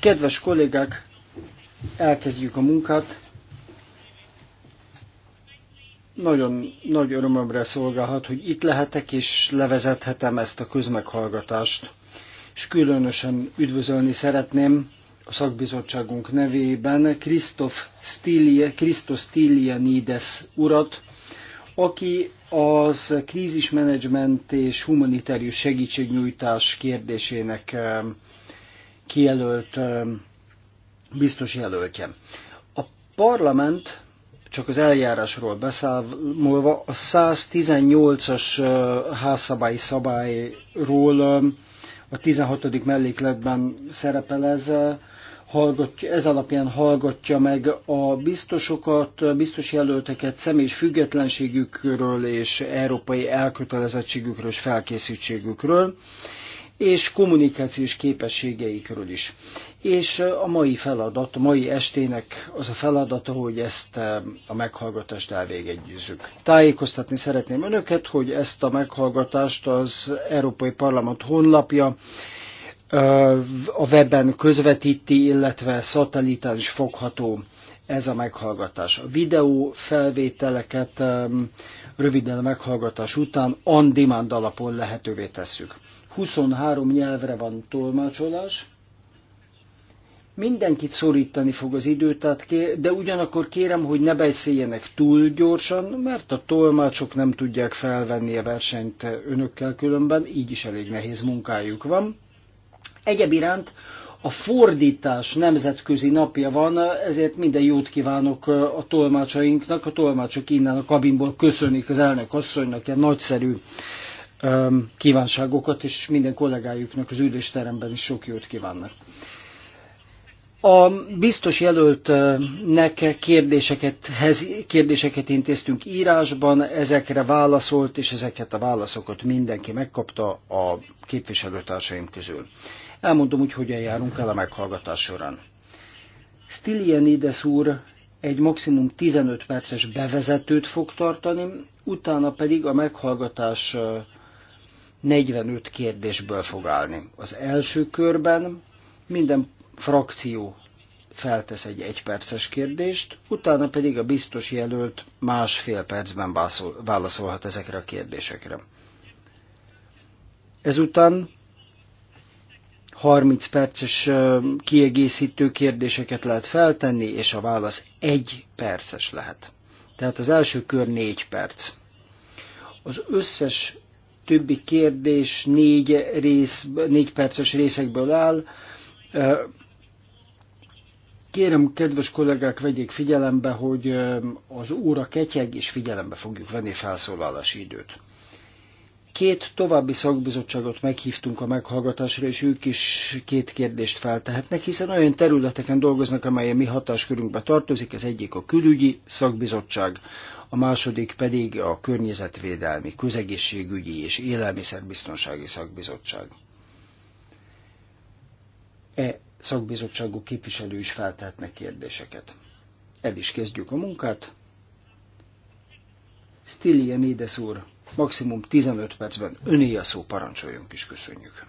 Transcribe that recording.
Kedves kollégák, elkezdjük a munkát. Nagyon nagy örömömre szolgálhat, hogy itt lehetek és levezethetem ezt a közmeghallgatást. És különösen üdvözölni szeretném a szakbizottságunk nevében Krisztof Stilia, Krisztos Stilianides urat, aki az krízismenedzsment és humanitárius segítségnyújtás kérdésének eh, kijelölt eh, biztos jelöltje. A parlament csak az eljárásról beszámolva, a 118-as eh, házszabályi szabályról a 16. mellékletben szerepel ez, hallgatja, ez alapján hallgatja meg a biztosokat, biztos jelölteket személyes függetlenségükről és európai elkötelezettségükről és felkészültségükről és kommunikációs képességeikről is. És a mai feladat, a mai estének az a feladata, hogy ezt eh, a meghallgatást elvégezzük. Tájékoztatni szeretném önöket, hogy ezt a meghallgatást az Európai Parlament honlapja a webben közvetíti, illetve szatellitán is fogható ez a meghallgatás. A videó felvételeket röviden a meghallgatás után on demand alapon lehetővé tesszük. 23 nyelvre van tolmácsolás. Mindenkit szorítani fog az idő, tehát de ugyanakkor kérem, hogy ne beszéljenek túl gyorsan, mert a tolmácsok nem tudják felvenni a versenyt önökkel különben, így is elég nehéz munkájuk van. Egyéb iránt a fordítás nemzetközi napja van, ezért minden jót kívánok a tolmácsainknak. A tolmácsok innen a kabinból köszönik az elnök asszonynak ilyen nagyszerű kívánságokat, és minden kollégájuknak az ülésteremben is sok jót kívánnak. A biztos jelöltnek kérdéseket, hez, kérdéseket intéztünk írásban, ezekre válaszolt, és ezeket a válaszokat mindenki megkapta a képviselőtársaim közül. Elmondom úgy, hogyan járunk el a meghallgatás során. Stylianides úr egy maximum 15 perces bevezetőt fog tartani, utána pedig a meghallgatás 45 kérdésből fog állni. Az első körben minden frakció feltesz egy egyperces kérdést, utána pedig a biztos jelölt másfél percben válaszolhat ezekre a kérdésekre. Ezután 30 perces kiegészítő kérdéseket lehet feltenni, és a válasz egy perces lehet. Tehát az első kör négy perc. Az összes többi kérdés négy, rész, négy perces részekből áll. Kérem, kedves kollégák, vegyék figyelembe, hogy az óra ketyeg, és figyelembe fogjuk venni felszólalási időt. Két további szakbizottságot meghívtunk a meghallgatásra, és ők is két kérdést feltehetnek, hiszen olyan területeken dolgoznak, amelyen mi hatáskörünkbe tartozik, az egyik a külügyi szakbizottság, a második pedig a környezetvédelmi, közegészségügyi és élelmiszerbiztonsági szakbizottság. E szakbizottságú képviselő is feltehetnek kérdéseket. El is kezdjük a munkát. Édes úr, maximum 15 percben öné a szó, parancsoljon is, köszönjük.